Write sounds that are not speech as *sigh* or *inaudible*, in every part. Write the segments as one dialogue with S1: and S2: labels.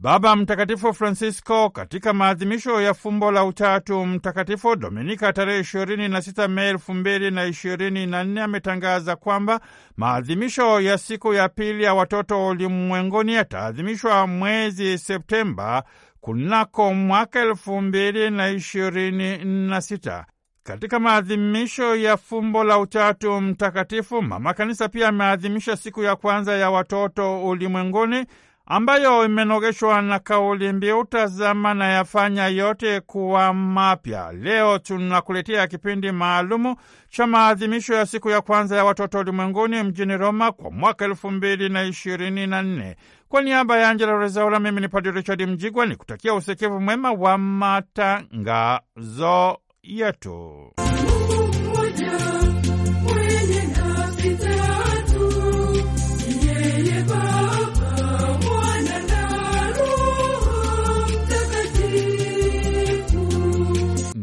S1: Baba Mtakatifu Francisco katika maadhimisho ya fumbo la Utatu Mtakatifu Dominika tarehe sita Mei nne, ametangaza kwamba maadhimisho ya siku ya pili ya watoto ulimwenguni yataadhimishwa mwezi Septemba kunako mwaka sita. Katika maadhimisho ya fumbo la Utatu Mtakatifu, Mama Kanisa pia ameadhimisha siku ya kwanza ya watoto ulimwenguni ambayo imenogeshwa na kauli mbiu tazama na yafanya yote kuwa mapya. Leo tunakuletea kipindi maalumu cha maadhimisho ya siku ya kwanza ya watoto ulimwenguni mjini Roma kwa mwaka elfu mbili na ishirini na nne. Kwa niaba ya Angela Rezaula, mimi ni Padre Richard Mjigwa ni kutakia usikivu mwema wa matangazo yetu.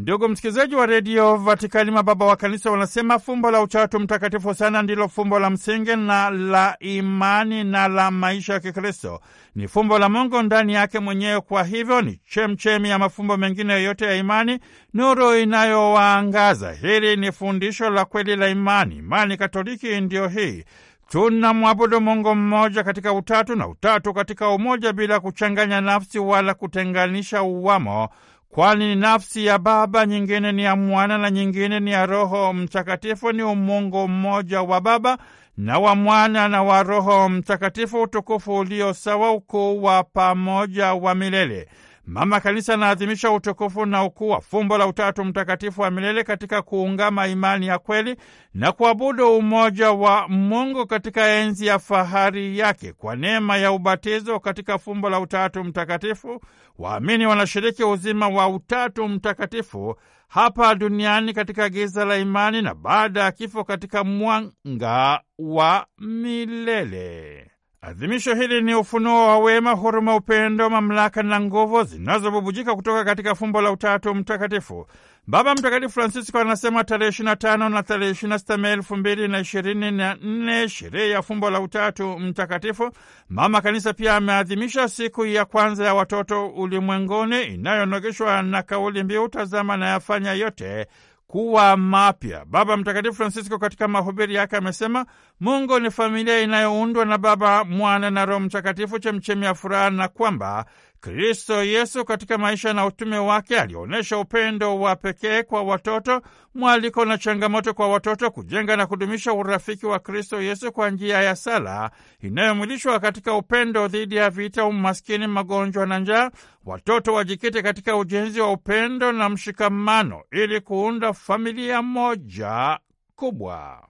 S1: Ndugu msikilizaji wa redio Vatikani, mababa wa kanisa wanasema fumbo la Utatu Mtakatifu sana ndilo fumbo la msingi na la imani na la maisha ya Kikristo. Ni fumbo la Mungu ndani yake mwenyewe, kwa hivyo ni chemchemi ya mafumbo mengine yoyote ya imani, nuru inayowaangaza. Hili ni fundisho la kweli la imani. Imani Katoliki ndiyo hii Tunamwabudu Mungu mmoja katika utatu na utatu katika umoja, bila kuchanganya nafsi wala kutenganisha uwamo kwani nafsi ya Baba, nyingine ni ya Mwana na nyingine ni ya Roho Mtakatifu. Ni umungu mmoja wa Baba na wa Mwana na wa Roho Mtakatifu, utukufu ulio sawa, ukuu wa pamoja wa milele. Mama Kanisa anaadhimisha utukufu na ukuu wa fumbo la Utatu Mtakatifu wa milele katika kuungama imani ya kweli na kuabudu umoja wa Mungu katika enzi ya fahari yake. Kwa neema ya ubatizo katika fumbo la Utatu Mtakatifu, waamini wanashiriki uzima wa Utatu Mtakatifu hapa duniani katika giza la imani na baada ya kifo katika mwanga wa milele. Adhimisho hili ni ufunuo wa wema, huruma, upendo, mamlaka na nguvu zinazobubujika kutoka katika fumbo la Utatu Mtakatifu. Baba Mtakatifu Francisco anasema tarehe 25 na tarehe 26 Mei 2024 sherehe ya fumbo la Utatu Mtakatifu. Mama Kanisa pia ameadhimisha siku ya kwanza ya watoto ulimwenguni inayonogeshwa na kauli mbiu tazama na yafanya yote kuwa mapya. Baba Mtakatifu Francisco katika mahubiri yake amesema Mungu ni familia inayoundwa na Baba, Mwana na Roho Mtakatifu, chemchemi ya furaha, na kwamba Kristo Yesu katika maisha na utume wake alionyesha upendo wa pekee kwa watoto, mwaliko na changamoto kwa watoto kujenga na kudumisha urafiki wa Kristo Yesu kwa njia ya sala inayomwilishwa katika upendo dhidi ya vita, umaskini, magonjwa na njaa. Watoto wajikite katika ujenzi wa upendo na mshikamano ili kuunda familia moja kubwa.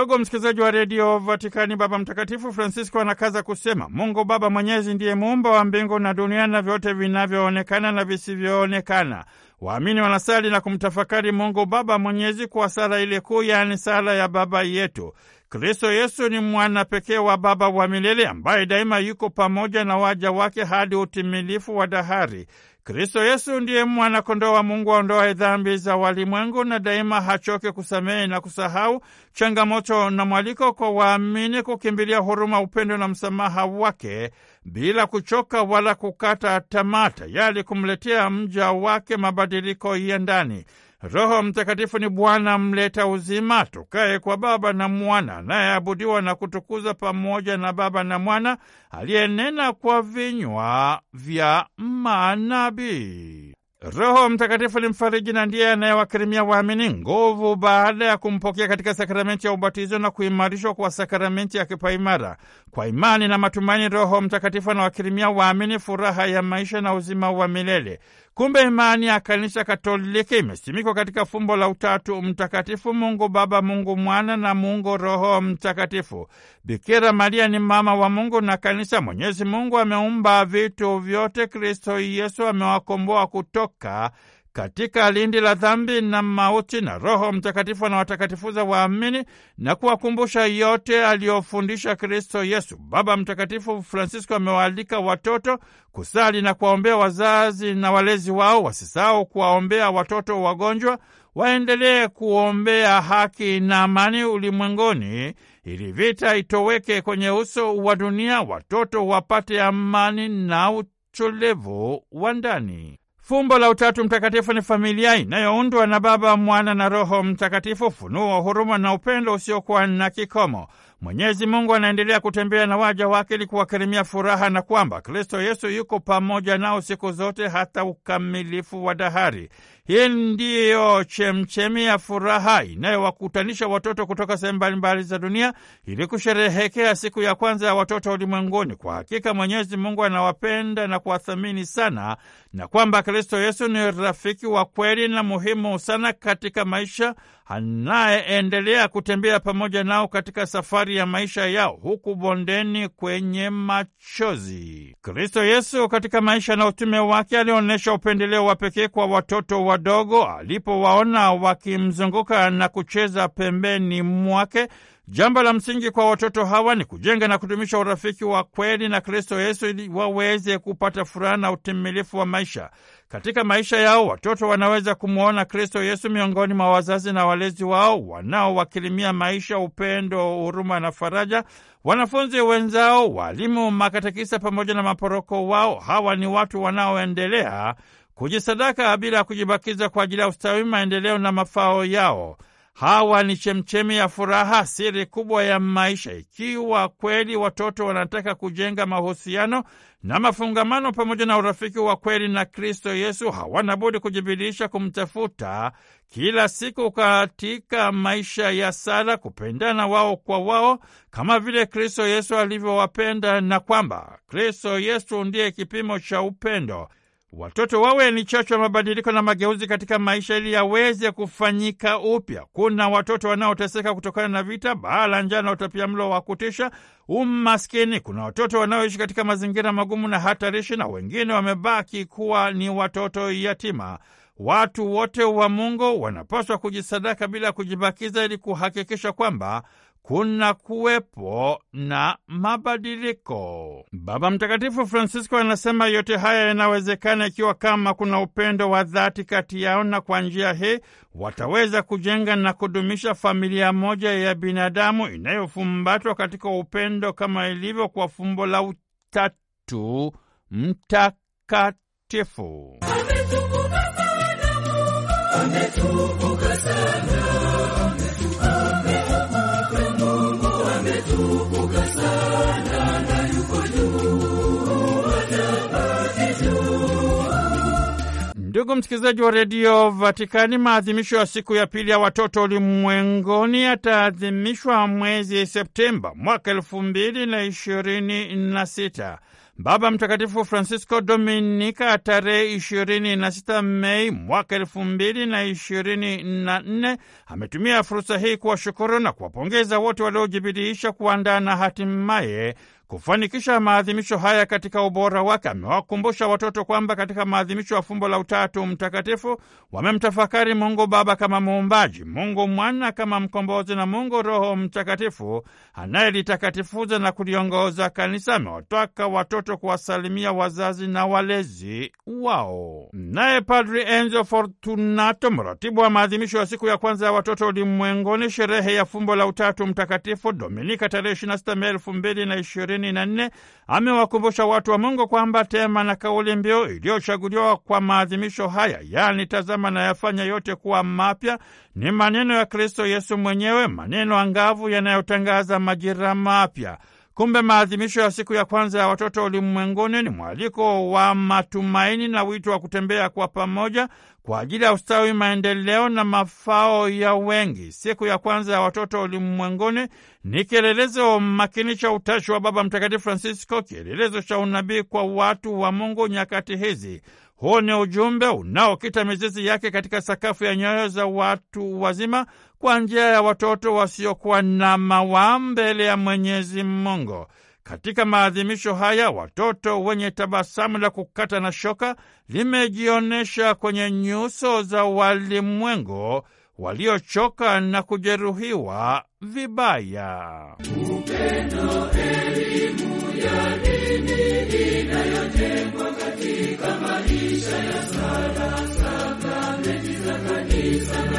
S1: Ndugu msikilizaji wa redio Vatikani, Baba Mtakatifu Francisco anakaza kusema Mungu Baba Mwenyezi ndiye muumba wa mbingu na dunia na vyote vinavyoonekana na visivyoonekana. Waamini wanasali na kumtafakari Mungu Baba Mwenyezi kwa sala ile kuu, yaani sala ya Baba Yetu. Kristo Yesu ni mwana pekee wa Baba wa milele ambaye daima yuko pamoja na waja wake hadi utimilifu wa dahari. Kristo Yesu ndiye mwanakondoo wa Mungu aondoaye dhambi za walimwengu, na daima hachoke kusamehe na kusahau changamoto na mwaliko kwa waamini kukimbilia huruma, upendo na msamaha wake bila kuchoka wala kukata tamaa, tayari kumletea mja wake mabadiliko ya ndani. Roho Mtakatifu ni Bwana mleta uzima, tukaye kwa Baba na Mwana, anayeabudiwa na kutukuza pamoja na Baba na Mwana, aliyenena kwa vinywa vya manabii. Roho Mtakatifu ni mfariji na ndiye anayewakirimia waamini nguvu baada ya kumpokea katika sakramenti ya ubatizo na kuimarishwa kwa sakramenti ya kipaimara. Kwa imani na matumaini, Roho Mtakatifu anawakirimia waamini furaha ya maisha na uzima wa milele. Kumbe imani ya Kanisa Katoliki imesimikwa katika fumbo la Utatu Mtakatifu, Mungu Baba, Mungu Mwana na Mungu Roho Mtakatifu. Bikira Maria ni mama wa Mungu na Kanisa. Mwenyezi Mungu ameumba vitu vyote. Kristo Yesu amewakomboa kutoka katika lindi la dhambi na mauti, na Roho Mtakatifu anawatakatifuza waamini na kuwakumbusha yote aliyofundisha Kristo Yesu. Baba Mtakatifu Francisco amewaalika watoto kusali na kuwaombea wazazi na walezi wao, wasisahau kuwaombea watoto wagonjwa, waendelee kuombea haki na amani ulimwenguni, ili vita itoweke kwenye uso wa dunia, watoto wapate amani na utulivu wa ndani. Fumbo la Utatu Mtakatifu ni familia inayoundwa na Baba, Mwana na Roho Mtakatifu, funuo wa huruma na upendo usiokuwa na kikomo. Mwenyezi Mungu anaendelea kutembea na waja wake ili kuwakirimia furaha, na kwamba Kristo Yesu yuko pamoja nao siku zote hata ukamilifu wa dahari. Hii ndiyo chemchemi ya furaha inayowakutanisha watoto kutoka sehemu mbalimbali za dunia ili kusherehekea siku ya kwanza ya watoto ulimwenguni. Kwa hakika Mwenyezi Mungu anawapenda na kuwathamini sana, na kwamba Kristo Yesu ni rafiki wa kweli na muhimu sana katika maisha anayeendelea kutembea pamoja nao katika safari ya maisha yao huku bondeni kwenye machozi. Kristo Yesu katika maisha na utume wake alionyesha upendeleo wa pekee kwa watoto wadogo alipowaona wakimzunguka na kucheza pembeni mwake. Jambo la msingi kwa watoto hawa ni kujenga na kudumisha urafiki wa kweli na Kristo Yesu ili waweze kupata furaha na utimilifu wa maisha. Katika maisha yao watoto wanaweza kumwona Kristo Yesu miongoni mwa wazazi na walezi wao wanaowakilimia maisha, upendo, huruma na faraja, wanafunzi wenzao, walimu, makatekisa pamoja na maporoko wao. Hawa ni watu wanaoendelea kujisadaka bila kujibakiza kwa ajili ya ustawi, maendeleo na mafao yao. Hawa ni chemchemi ya furaha, siri kubwa ya maisha. Ikiwa kweli watoto wanataka kujenga mahusiano na mafungamano pamoja na urafiki wa kweli na Kristo Yesu, hawana budi kujibidiisha kumtafuta kila siku katika maisha ya sala, kupendana wao kwa wao kama vile Kristo Yesu alivyowapenda, na kwamba Kristo Yesu ndiye kipimo cha upendo. Watoto wawe ni chachu ya mabadiliko na mageuzi katika maisha ili yaweze kufanyika upya. Kuna watoto wanaoteseka kutokana na vita, balaa, njaa na utapia mlo wa kutisha, umaskini. Kuna watoto wanaoishi katika mazingira magumu na hatarishi, na wengine wamebaki kuwa ni watoto yatima. Watu wote wa Mungu wanapaswa kujisadaka bila kujibakiza, ili kuhakikisha kwamba kuna kuwepo na mabadiliko. Baba Mtakatifu Francisco anasema yote haya yanawezekana ikiwa kama kuna upendo wa dhati kati yao, na kwa njia hii wataweza kujenga na kudumisha familia moja ya binadamu inayofumbatwa katika upendo kama ilivyo kwa fumbo la Utatu Mtakatifu. Ametukuka sana, ametukuka sana. Ndugu msikilizaji wa redio Vatikani, maadhimisho ya siku ya pili ya watoto ulimwengoni yataadhimishwa mwezi Septemba mwaka elfu mbili na ishirini na sita. Baba Mtakatifu Francisco Dominika tarehe ishirini na sita Mei mwaka elfu mbili na ishirini na nne ametumia fursa hii kuwashukuru na kuwapongeza wote waliojibidiisha kuandaa na hatimaye Kufanikisha maadhimisho haya katika ubora wake, amewakumbusha watoto kwamba katika maadhimisho ya fumbo la Utatu Mtakatifu wamemtafakari Mungu Baba kama Muumbaji, Mungu Mwana kama Mkombozi na Mungu Roho Mtakatifu anayelitakatifuza na kuliongoza Kanisa. Amewataka watoto kuwasalimia wazazi na walezi wao. Naye Padri Enzo Fortunato, mratibu wa maadhimisho ya siku ya kwanza ya watoto ulimwengoni, sherehe ya fumbo la Utatu Mtakatifu, Dominika tarehe 26 Mei 2020 ishirini na nne amewakumbusha watu wa Mungu kwamba tema na kauli mbiu iliyochaguliwa kwa maadhimisho haya, yaani tazama na yafanya yote kuwa mapya, ni maneno ya Kristo Yesu mwenyewe, maneno angavu yanayotangaza majira mapya. Kumbe maadhimisho ya siku ya kwanza ya watoto ulimwenguni ni mwaliko wa matumaini na wito wa kutembea kwa pamoja kwa ajili ya ustawi, maendeleo na mafao ya wengi. Siku ya kwanza ya watoto ulimwenguni ni kielelezo makini cha utashi wa Baba Mtakatifu Francisco, kielelezo cha unabii kwa watu wa Mungu nyakati hizi. Huu ni ujumbe unaokita mizizi yake katika sakafu ya nyoyo za watu wazima kwa njia ya watoto wasiokuwa na mawa mbele ya Mwenyezi Mungu. Katika maadhimisho haya watoto wenye tabasamu la kukata na shoka limejionyesha kwenye nyuso za walimwengu waliochoka na kujeruhiwa vibaya. Upendo, elimu ya dini inayojengwa katika maisha ya sala, sakramenti za kanisa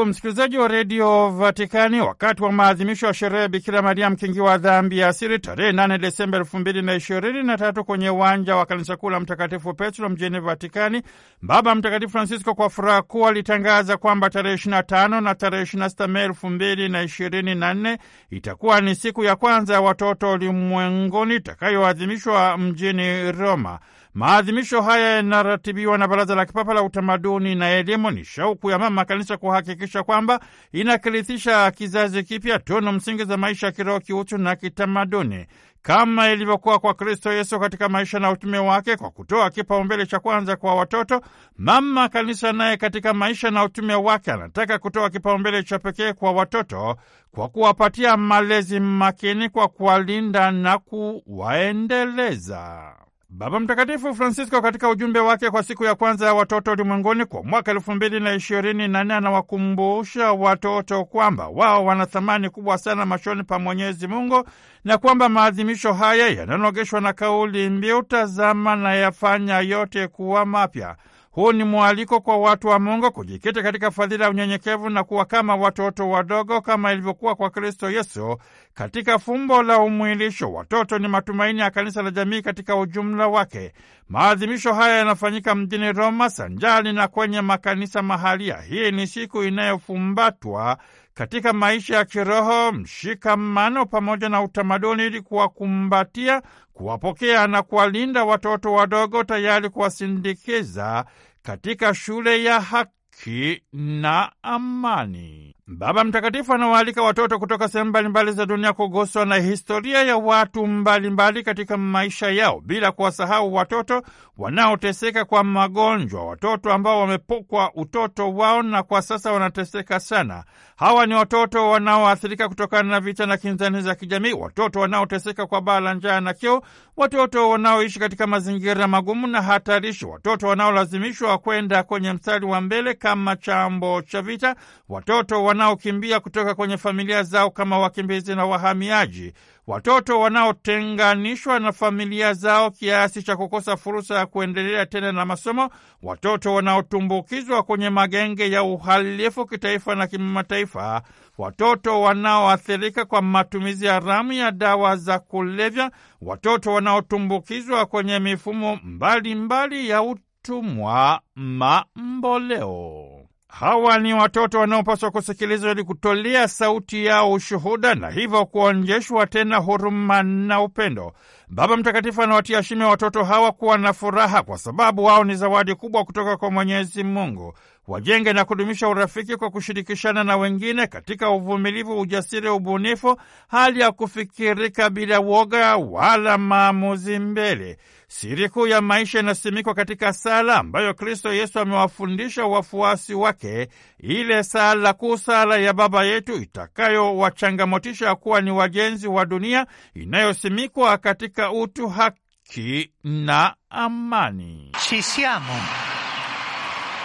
S1: ndugu msikilizaji wa redio Vatikani, wakati wa maadhimisho ya sherehe Bikira mariam kingi wa dhambi ya asili tarehe 8 Desemba elfu mbili na ishirini na tatu kwenye uwanja wa kanisa kuu la Mtakatifu Petro mjini Vatikani, Baba Mtakatifu Francisco kwa furaha kuu alitangaza kwamba tarehe 25 na tarehe 26 Mei elfu mbili na ishirini na nne itakuwa ni siku ya kwanza ya watoto ulimwenguni itakayoadhimishwa mjini Roma. Maadhimisho haya yanaratibiwa na Baraza la Kipapa la Utamaduni na Elimu. Ni shauku ya Mama Kanisa kuhakikisha kwamba inakirithisha kizazi kipya tunu msingi za maisha ya kiroho, kiutu na kitamaduni kama ilivyokuwa kwa Kristo Yesu katika maisha na utume wake, kwa kutoa kipaumbele cha kwanza kwa watoto. Mama Kanisa naye katika maisha na utume wake anataka kutoa kipaumbele cha pekee kwa watoto, kwa kuwapatia malezi makini, kwa kuwalinda na kuwaendeleza. Baba Mtakatifu Francisco katika ujumbe wake kwa siku ya kwanza ya watoto ulimwenguni kwa mwaka elfu mbili na ishirini na nne anawakumbusha watoto kwamba wao wana thamani kubwa sana machoni pa Mwenyezi Mungu na kwamba maadhimisho haya yananogeshwa na kauli mbiu tazama na yafanya yote kuwa mapya. Huu ni mwaliko kwa watu wa Mungu kujikita katika fadhila ya unyenyekevu na kuwa kama watoto wadogo kama ilivyokuwa kwa Kristo Yesu katika fumbo la umwilisho, watoto ni matumaini ya kanisa la jamii katika ujumla wake. Maadhimisho haya yanafanyika mjini Roma sanjali na kwenye makanisa mahalia. Hii ni siku inayofumbatwa katika maisha ya kiroho, mshikamano pamoja na utamaduni, ili kuwakumbatia, kuwapokea na kuwalinda watoto wadogo, tayari kuwasindikiza katika shule ya haki na amani. Baba Mtakatifu anawaalika watoto kutoka sehemu mbalimbali za dunia kuguswa na historia ya watu mbalimbali mbali katika maisha yao, bila kuwasahau watoto wanaoteseka kwa magonjwa, watoto ambao wamepokwa utoto wao na kwa sasa wanateseka sana. Hawa ni watoto wanaoathirika kutokana na vita na kinzani za kijamii, watoto wanaoteseka kwa baa la njaa na kiu, watoto wanaoishi katika mazingira magumu na hatarishi, watoto wanaolazimishwa kwenda kwenye mstari wa mbele kama chambo cha vita, watoto wana wanaokimbia kutoka kwenye familia zao kama wakimbizi na wahamiaji, watoto wanaotenganishwa na familia zao kiasi cha kukosa fursa ya kuendelea tena na masomo, watoto wanaotumbukizwa kwenye magenge ya uhalifu kitaifa na kimataifa, watoto wanaoathirika kwa matumizi haramu ya dawa za kulevya, watoto wanaotumbukizwa kwenye mifumo mbalimbali mbali ya utumwa mamboleo. Hawa ni watoto wanaopaswa kusikilizwa ili kutolea sauti yao ushuhuda na hivyo kuonjeshwa tena huruma na upendo. Baba Mtakatifu anawatia shime watoto hawa kuwa na furaha, kwa sababu wao ni zawadi kubwa kutoka kwa Mwenyezi Mungu. Wajenge na kudumisha urafiki kwa kushirikishana na wengine katika uvumilivu, ujasiri, ubunifu, hali ya kufikirika bila woga wala maamuzi mbele Siri kuu ya maisha inasimikwa katika sala ambayo Kristo Yesu amewafundisha wafuasi wake, ile sala kuu, sala ya Baba yetu, itakayowachangamotisha kuwa ni wajenzi wa dunia inayosimikwa katika utu, haki na amani. Ci siamo.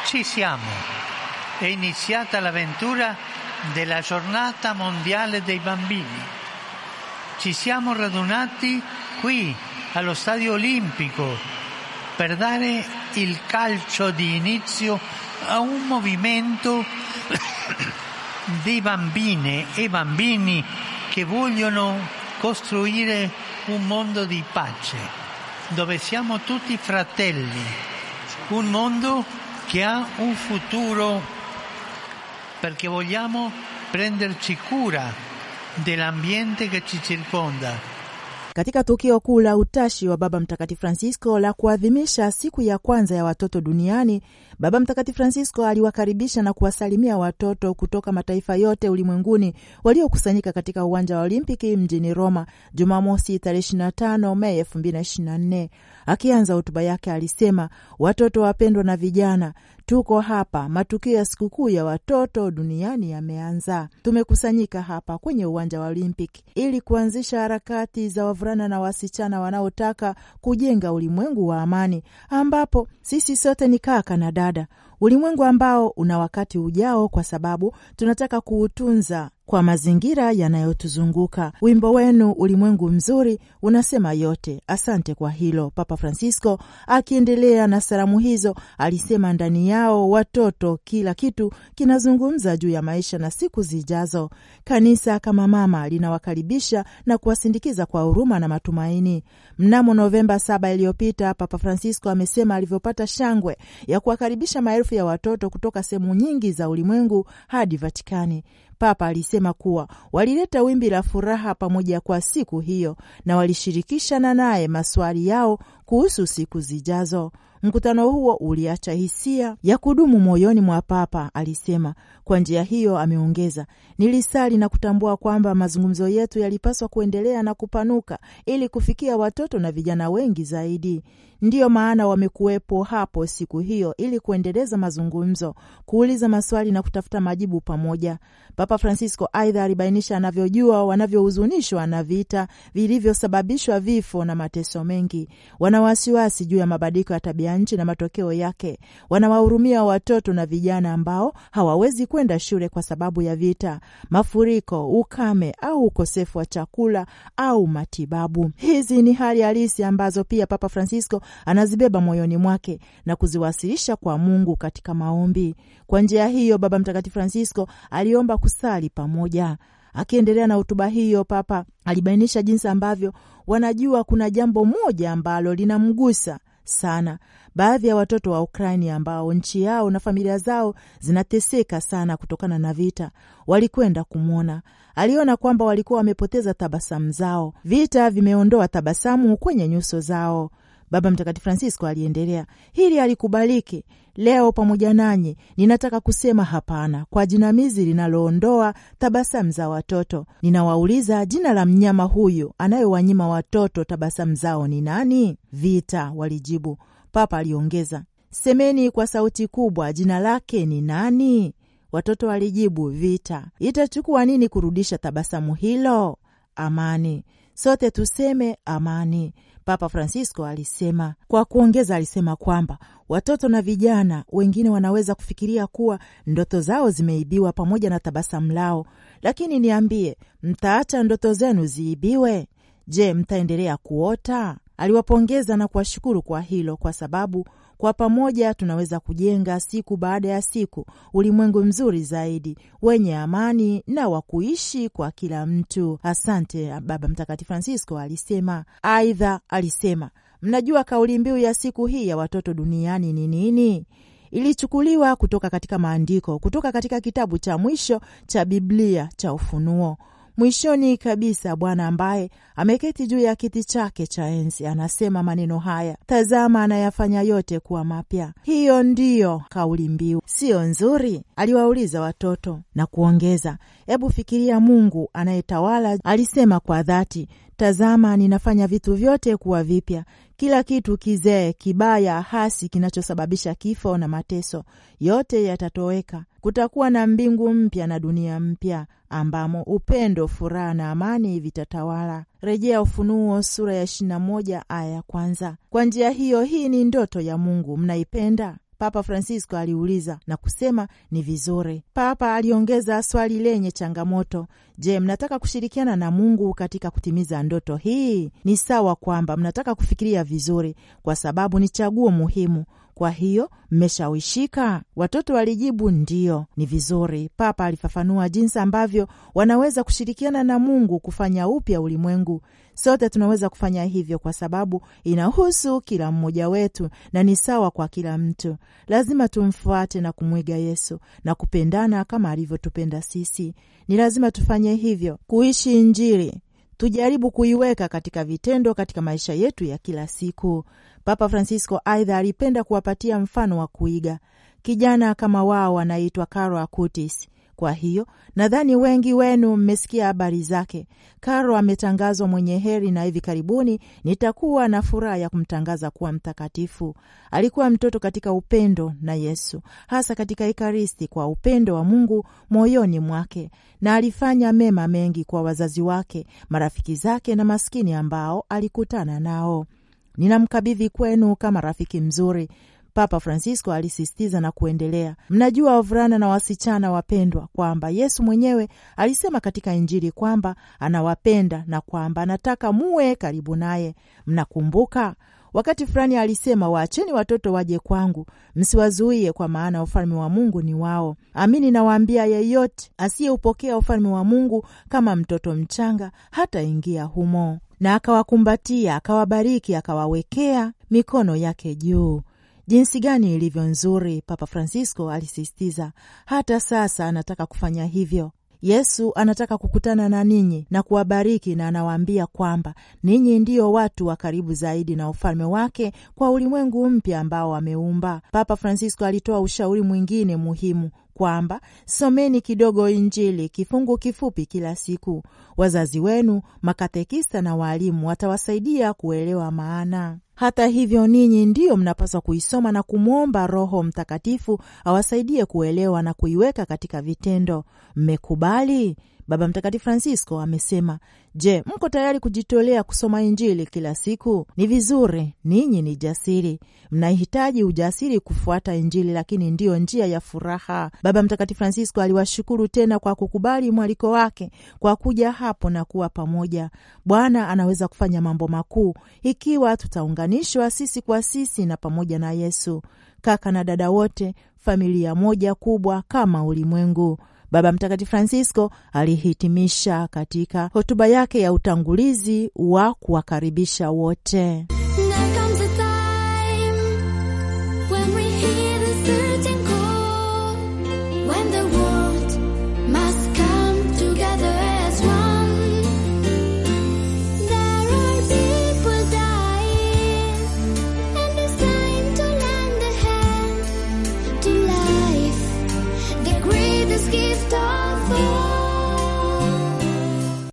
S1: Ci siamo. È iniziata l'avventura della giornata mondiale dei bambini. Ci siamo radunati qui allo stadio olimpico per dare il calcio di inizio a un movimento *coughs* di bambine e bambini che vogliono costruire un mondo di pace, dove siamo tutti fratelli, un mondo che ha un futuro perché vogliamo prenderci cura dell'ambiente che ci circonda
S2: katika tukio kuu la utashi wa Baba Mtakatifu Francisco la kuadhimisha siku ya kwanza ya watoto duniani, Baba Mtakatifu Francisco aliwakaribisha na kuwasalimia watoto kutoka mataifa yote ulimwenguni waliokusanyika katika uwanja wa Olimpiki mjini Roma Jumamosi tarehe 25 Mei 2024. Akianza hotuba yake alisema, watoto wapendwa na vijana, Tuko hapa, matukio ya sikukuu ya watoto duniani yameanza. Tumekusanyika hapa kwenye uwanja wa Olimpiki ili kuanzisha harakati za wavulana na wasichana wanaotaka kujenga ulimwengu wa amani, ambapo sisi sote ni kaka na dada, ulimwengu ambao una wakati ujao, kwa sababu tunataka kuutunza kwa mazingira yanayotuzunguka. Wimbo wenu ulimwengu mzuri unasema yote. Asante kwa hilo. Papa Francisco akiendelea na salamu hizo alisema, ndani yao watoto, kila kitu kinazungumza juu ya maisha na siku zijazo. Kanisa kama mama linawakaribisha na kuwasindikiza kwa huruma na matumaini. Mnamo Novemba saba iliyopita, Papa Francisco amesema alivyopata shangwe ya kuwakaribisha maelfu ya watoto kutoka sehemu nyingi za ulimwengu hadi Vatikani. Papa alisema kuwa walileta wimbi la furaha pamoja kwa siku hiyo na walishirikishana naye maswali yao kuhusu siku zijazo. Mkutano huo uliacha hisia ya kudumu moyoni mwa Papa, alisema. Kwa njia hiyo, ameongeza, nilisali na kutambua kwamba mazungumzo yetu yalipaswa kuendelea na kupanuka ili kufikia watoto na vijana wengi zaidi. Ndiyo maana wamekuwepo hapo siku hiyo ili kuendeleza mazungumzo, kuuliza maswali na kutafuta majibu pamoja. Papa Francisco aidha alibainisha anavyojua wanavyohuzunishwa na vita vilivyosababishwa vifo na mateso mengi wana wana wasiwasi juu ya mabadiliko ya tabia nchi na matokeo yake. Wanawahurumia watoto na vijana ambao hawawezi kwenda shule kwa sababu ya vita, mafuriko, ukame au ukosefu wa chakula au matibabu. Hizi ni hali halisi ambazo pia Papa Francisco anazibeba moyoni mwake na kuziwasilisha kwa Mungu katika maombi. Kwa njia hiyo, Baba Mtakatifu Francisco aliomba kusali pamoja. Akiendelea na hotuba hiyo, Papa alibainisha jinsi ambavyo wanajua kuna jambo moja ambalo linamgusa sana baadhi ya watoto wa Ukraini ambao nchi yao na familia zao zinateseka sana kutokana na vita. Walikwenda kumwona, aliona kwamba walikuwa wamepoteza tabasamu zao. Vita vimeondoa tabasamu kwenye nyuso zao. Baba Mtakatifu Francisco aliendelea, hili alikubaliki Leo pamoja nanyi ninataka kusema hapana kwa jinamizi linaloondoa tabasamu za watoto. Ninawauliza, jina la mnyama huyu anayewanyima watoto tabasamu zao ni nani? Vita, walijibu. Papa aliongeza, semeni kwa sauti kubwa, jina lake ni nani? Watoto walijibu, vita. Itachukua nini kurudisha tabasamu hilo? Amani. Sote tuseme amani. Papa Francisco alisema. Kwa kuongeza, alisema kwamba watoto na vijana wengine wanaweza kufikiria kuwa ndoto zao zimeibiwa pamoja na tabasamu lao, lakini niambie, mtaacha ndoto zenu ziibiwe? Je, mtaendelea kuota? Aliwapongeza na kuwashukuru kwa hilo, kwa sababu kwa pamoja tunaweza kujenga siku baada ya siku ulimwengu mzuri zaidi wenye amani na wa kuishi kwa kila mtu. Asante, Baba Mtakatifu Francisco alisema. Aidha alisema, mnajua kauli mbiu ya siku hii ya watoto duniani ni nini? Ilichukuliwa kutoka katika maandiko, kutoka katika kitabu cha mwisho cha Biblia cha Ufunuo. Mwishoni kabisa, Bwana ambaye ameketi juu ya kiti chake cha enzi anasema maneno haya, tazama, anayafanya yote kuwa mapya. Hiyo ndiyo kauli mbiu, siyo nzuri? aliwauliza watoto na kuongeza, hebu fikiria, Mungu anayetawala alisema kwa dhati, tazama, ninafanya vitu vyote kuwa vipya. Kila kitu kizee, kibaya, hasi kinachosababisha kifo na mateso, yote yatatoweka. Kutakuwa na mbingu mpya na dunia mpya ambamo upendo, furaha na amani vitatawala. Rejea Ufunuo sura ya 21 aya ya kwanza. Kwa njia hiyo, hii ni ndoto ya Mungu. Mnaipenda? Papa Francisco aliuliza na kusema ni vizuri. Papa aliongeza swali lenye changamoto: Je, mnataka kushirikiana na Mungu katika kutimiza ndoto hii? Ni sawa kwamba mnataka kufikiria vizuri, kwa sababu ni chaguo muhimu kwa hiyo mmeshawishika? Watoto walijibu ndiyo. Ni vizuri. Papa alifafanua jinsi ambavyo wanaweza kushirikiana na Mungu kufanya upya ulimwengu. Sote tunaweza kufanya hivyo kwa sababu inahusu kila mmoja wetu na ni sawa kwa kila mtu. Lazima tumfuate na kumwiga Yesu na kupendana kama alivyotupenda sisi. Ni lazima tufanye hivyo, kuishi Injili tujaribu kuiweka katika vitendo katika maisha yetu ya kila siku. Papa Francisco aidha alipenda kuwapatia mfano wa kuiga kijana kama wao anaitwa Carlo Acutis. Kwa hiyo nadhani wengi wenu mmesikia habari zake. Carlo ametangazwa mwenye heri na hivi karibuni nitakuwa na furaha ya kumtangaza kuwa mtakatifu. Alikuwa mtoto katika upendo na Yesu, hasa katika Ekaristi, kwa upendo wa Mungu moyoni mwake, na alifanya mema mengi kwa wazazi wake, marafiki zake na maskini ambao alikutana nao ninamkabidhi kwenu kama rafiki mzuri. Papa Francisco alisisitiza na kuendelea, mnajua wavulana na wasichana wapendwa, kwamba Yesu mwenyewe alisema katika Injili kwamba anawapenda na kwamba anataka muwe karibu naye. Mnakumbuka wakati fulani alisema, waacheni watoto waje kwangu, msiwazuie, kwa maana ufalme wa Mungu ni wao. Amini nawaambia, yeyote asiyeupokea ufalme wa Mungu kama mtoto mchanga hataingia humo na akawakumbatia, akawabariki, akawawekea mikono yake juu. Jinsi gani ilivyo nzuri! Papa Francisco alisisitiza. Hata sasa anataka kufanya hivyo. Yesu anataka kukutana na ninyi na kuwabariki, na anawaambia kwamba ninyi ndiyo watu wa karibu zaidi na ufalme wake kwa ulimwengu mpya ambao ameumba. Papa Francisco alitoa ushauri mwingine muhimu kwamba someni kidogo Injili kifungu kifupi kila siku. Wazazi wenu, makatekista na waalimu watawasaidia kuelewa maana. Hata hivyo, ninyi ndiyo mnapaswa kuisoma na kumwomba Roho Mtakatifu awasaidie kuelewa na kuiweka katika vitendo. Mmekubali? Baba Mtakatifu Francisco amesema, je, mko tayari kujitolea kusoma Injili kila siku? Ni vizuri, ninyi ni jasiri, mnahitaji ujasiri kufuata Injili, lakini ndiyo njia ya furaha. Baba Mtakatifu Francisco aliwashukuru tena kwa kukubali mwaliko wake, kwa kuja hapo na kuwa pamoja. Bwana anaweza kufanya mambo makuu ikiwa tutaunganishwa sisi kwa sisi na pamoja na Yesu. Kaka na dada wote, familia moja kubwa kama ulimwengu Baba Mtakatifu Francisco alihitimisha katika hotuba yake ya utangulizi wa kuwakaribisha wote.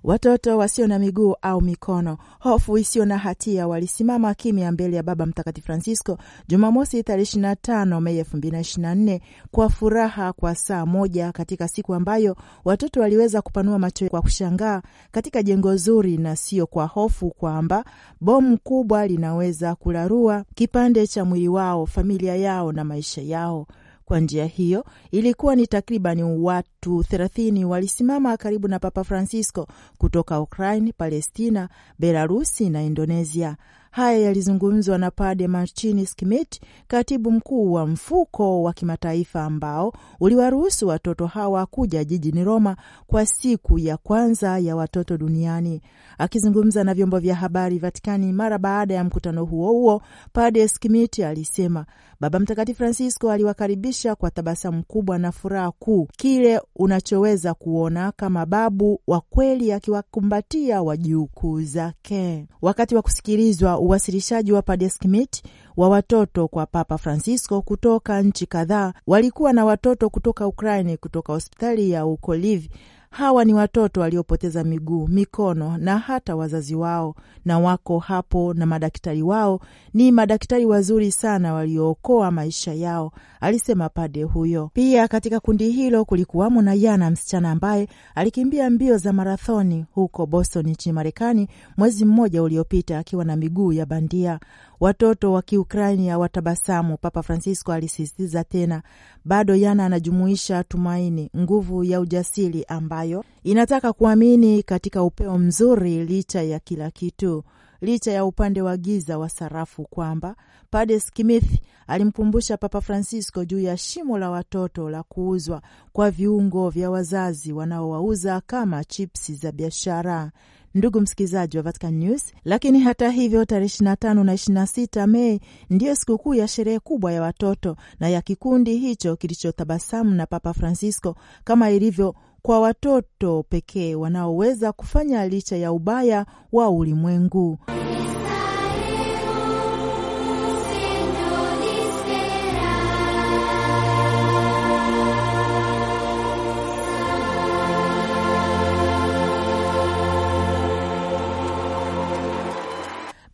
S2: Watoto wasio na miguu au mikono, hofu isiyo na hatia walisimama kimya mbele ya Baba Mtakatifu Francisco Jumamosi tarehe 25 Mei 2024 kwa furaha kwa saa moja, katika siku ambayo watoto waliweza kupanua macho kwa kushangaa katika jengo zuri na sio kwa hofu kwamba bomu kubwa linaweza kularua kipande cha mwili wao, familia yao na maisha yao. Kwa njia hiyo ilikuwa ni takribani watu thelathini walisimama karibu na Papa Francisco kutoka Ukraine, Palestina, Belarusi na Indonesia. Haya yalizungumzwa na Pade Marcin Schmidt, katibu mkuu wa mfuko wa kimataifa ambao uliwaruhusu watoto hawa kuja jijini Roma kwa siku ya kwanza ya watoto duniani. Akizungumza na vyombo vya habari Vatikani mara baada ya mkutano huo huo, Pade Schmidt alisema Baba Mtakatifu Francisco aliwakaribisha kwa tabasamu kubwa na furaha kuu, kile unachoweza kuona kama babu wa kweli akiwakumbatia wajukuu zake. Wakati wa kusikilizwa uwasilishaji wa Padre Schmidt wa watoto kwa Papa Francisco kutoka nchi kadhaa, walikuwa na watoto kutoka Ukraini, kutoka hospitali ya Ukoliv Hawa ni watoto waliopoteza miguu, mikono na hata wazazi wao, na wako hapo na madaktari wao ni madaktari wazuri sana waliookoa maisha yao, alisema pade huyo. Pia katika kundi hilo kulikuwamo na Yana, msichana ambaye alikimbia mbio za marathoni huko Boston nchini Marekani mwezi mmoja uliopita akiwa na miguu ya bandia. Watoto wa Kiukrainia watabasamu, Papa Francisco alisisitiza tena. Bado Yana anajumuisha tumaini, nguvu ya ujasiri ambayo ambayo inataka kuamini katika upeo mzuri licha ya kila kitu, licha ya upande wa giza wa sarafu, kwamba Padre Smith alimkumbusha Papa Francisco juu ya shimo la watoto la kuuzwa kwa viungo vya wazazi wanaowauza kama chipsi za biashara. Ndugu msikilizaji wa Vatican News, lakini hata hivyo, tarehe 25 na 26 Mei ndiyo sikukuu ya sherehe kubwa ya watoto na ya kikundi hicho kilichotabasamu na Papa Francisco, kama ilivyo kwa watoto pekee wanaoweza kufanya licha ya ubaya wa ulimwengu.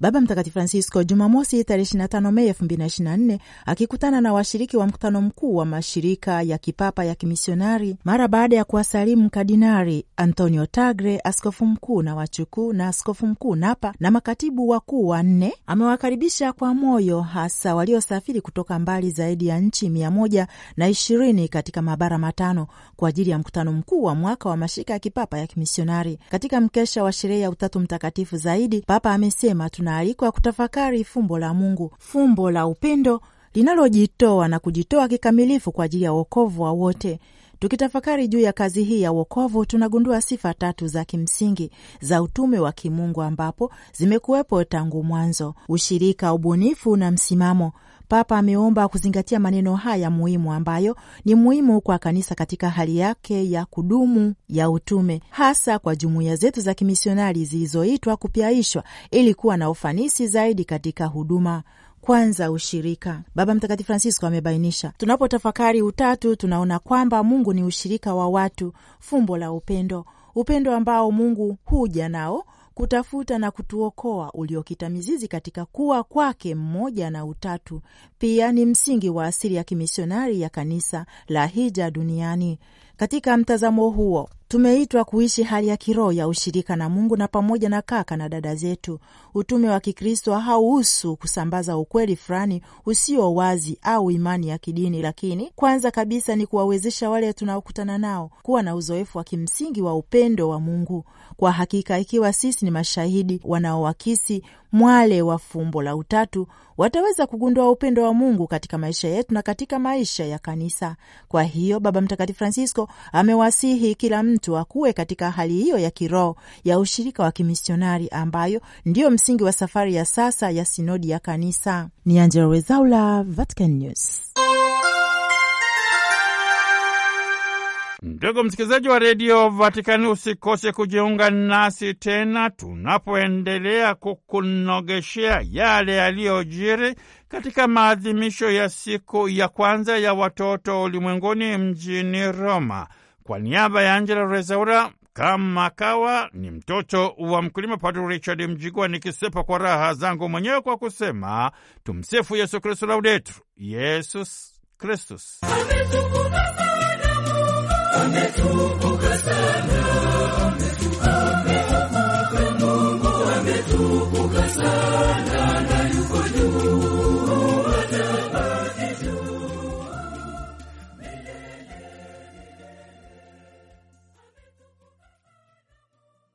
S2: Baba Mtakatifu Francisco Jumamosi tarehe 25 Mei 2024 akikutana na washiriki wa mkutano mkuu wa mashirika ya kipapa ya kimisionari mara baada ya kuwasalimu Kardinari Antonio Tagre, askofu mkuu na wachukuu na askofu mkuu Napa na makatibu wakuu wanne, amewakaribisha kwa moyo hasa waliosafiri kutoka mbali zaidi ya nchi mia moja na ishirini katika mabara matano kwa ajili ya mkutano mkuu wa mwaka wa mashirika ya kipapa ya kimisionari. Katika mkesha wa sherehe ya Utatu Mtakatifu zaidi, Papa amesema tuna tunaalikwa kutafakari fumbo la Mungu, fumbo la upendo linalojitoa na kujitoa kikamilifu kwa ajili ya wokovu wa wote. Tukitafakari juu ya kazi hii ya wokovu, tunagundua sifa tatu za kimsingi za utume wa kimungu ambapo zimekuwepo tangu mwanzo: ushirika, ubunifu na msimamo. Papa ameomba kuzingatia maneno haya muhimu ambayo ni muhimu kwa kanisa katika hali yake ya kudumu ya utume, hasa kwa jumuiya zetu za kimisionari zilizoitwa kupyaishwa ili kuwa na ufanisi zaidi katika huduma. Kwanza, ushirika. Baba Mtakatifu Francisco amebainisha, tunapotafakari Utatu tunaona kwamba Mungu ni ushirika wa watu, fumbo la upendo, upendo ambao Mungu huja nao kutafuta na kutuokoa, uliokita mizizi katika kuwa kwake mmoja na utatu, pia ni msingi wa asili ya kimisionari ya kanisa la hija duniani. Katika mtazamo huo Tumeitwa kuishi hali ya kiroho ya ushirika na Mungu na pamoja na kaka na dada zetu. Utume wa Kikristo hauhusu kusambaza ukweli fulani usio wazi au imani ya kidini, lakini kwanza kabisa ni kuwawezesha wale tunaokutana nao kuwa na uzoefu wa kimsingi wa upendo wa Mungu. Kwa hakika, ikiwa sisi ni mashahidi wanaoakisi mwale wa fumbo la Utatu, wataweza kugundua upendo wa Mungu katika maisha yetu na katika maisha ya kanisa. Kwa hiyo, Baba Mtakatifu Francisco amewasihi kila mtu mtu akuwe katika hali hiyo ya kiroho ya ushirika wa kimisionari ambayo ndiyo msingi wa safari ya sasa ya sinodi ya kanisa. Ni Angela Rezaula, Vatican News.
S1: Ndugu msikilizaji wa redio Vatikani, usikose kujiunga nasi tena tunapoendelea kukunogeshea yale yaliyojiri katika maadhimisho ya siku ya kwanza ya watoto ulimwenguni mjini Roma. Kwa niaba ya Angela Rezaura, kama kawa ni mtoto wa mkulima Padre Richard Mjigwa, nikisepa kwa raha zangu mwenyewe kwa kusema tumsifu Yesu Kristu, laudetur Yesus Kristus.